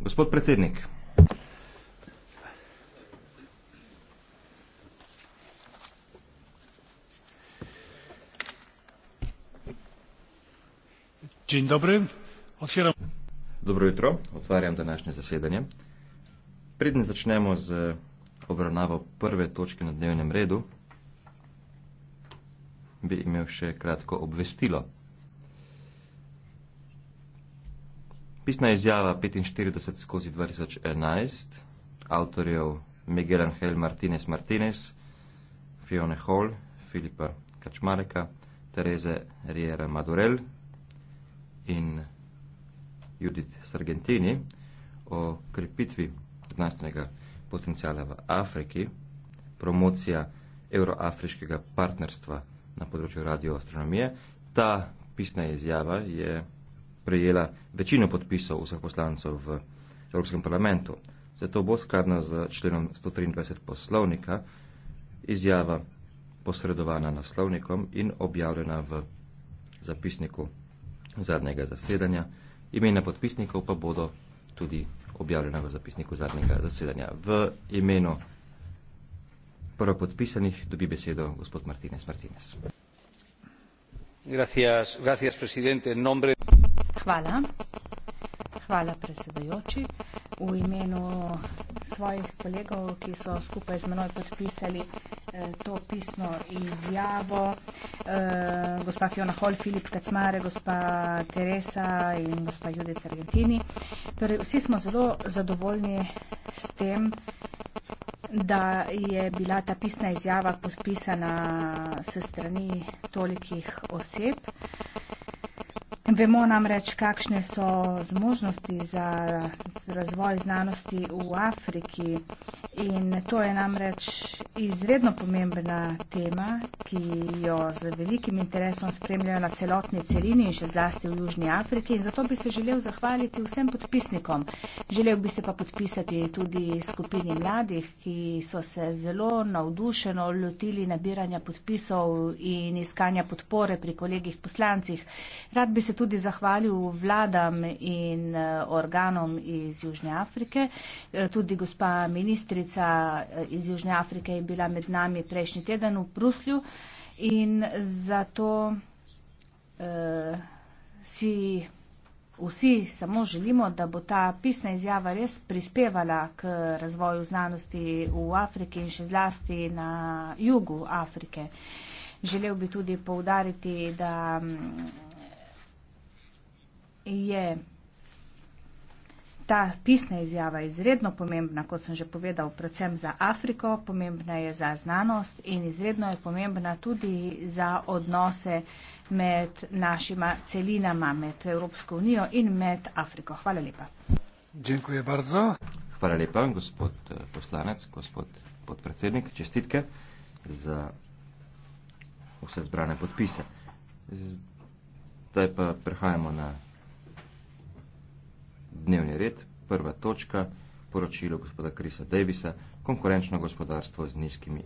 Gospod predsednik. Dzień dobry. Otvira... Dobro jutro, otvarjam današnje zasedanje. Predne začnemo z obravnavo prve točke na dnevnem redu, bi imel še kratko obvestilo. Pisna izjava 45 skozi 2011, avtorjev Miguel Angel Martinez Martinez, Fione Hall, Filipa Kačmareka, Tereze Riera Madurel in Judith Sargentini o krepitvi znanstvenega potencijala v Afriki, promocija euroafriškega partnerstva na področju radioastronomije. Ta pisna izjava je prejela večino podpisov vseh poslancev v Evropskem parlamentu. Zato bo skladno z členom 123 poslovnika izjava posredovana naslovnikom in objavljena v zapisniku zadnjega zasedanja. Imena podpisnikov pa bodo tudi objavljena v zapisniku zadnjega zasedanja. V imenu prvo podpisanih dobi besedo gospod Martinez Martinez. Gracias, gracias, presidente. Nombre... Hvala. Hvala, predsedajoči. V imenu svojih kolegov, ki so skupaj z menoj podpisali eh, to pisno izjavo, eh, gospa Fiona Hol, Filip Kacmare, gospa Teresa in gospa Judith Argentini. Torej, vsi smo zelo zadovoljni s tem, da je bila ta pisna izjava podpisana s strani tolikih oseb. Eh, Vemo namreč, kakšne so zmožnosti za razvoj znanosti v Afriki in to je namreč izredno pomembna tema, ki jo z velikim interesom spremljajo na celotni celini in še zlasti v Južni Afriki. In zato bi se želel zahvaliti vsem podpisnikom. Želel bi se pa podpisati tudi skupini mladih, ki so se zelo navdušeno lotili nabiranja podpisov in iskanja podpore pri kolegih poslancih. Rad bi se tudi zahvalil vladam in eh, organom iz Južne Afrike, eh, tudi gospa ministrica kolegica eh, iz Južne Afrike je bila med nami prejšnji teden v Bruslju in zato uh, si vsi samo želimo, da bo ta pisna izjava res prispevala k razvoju znanosti v Afriki in še zlasti na jugu Afrike. Želel bi tudi poudariti, da mm, je ta pisna izjava izredno pomembna, kot sem že povedal, predvsem za Afriko, pomembna je za znanost in izredno je pomembna tudi za odnose med našima celinama, med Evropsko unijo in med Afriko. Hvala lepa. Dziękuję bardzo. Hvala lepa, gospod eh, poslanec, gospod podpredsednik, čestitke za vse zbrane podpise. Zdaj pa prehajamo na dnevni red, prva točka, poročilo gospoda Krisa Davisa, konkurenčno gospodarstvo z nizkimi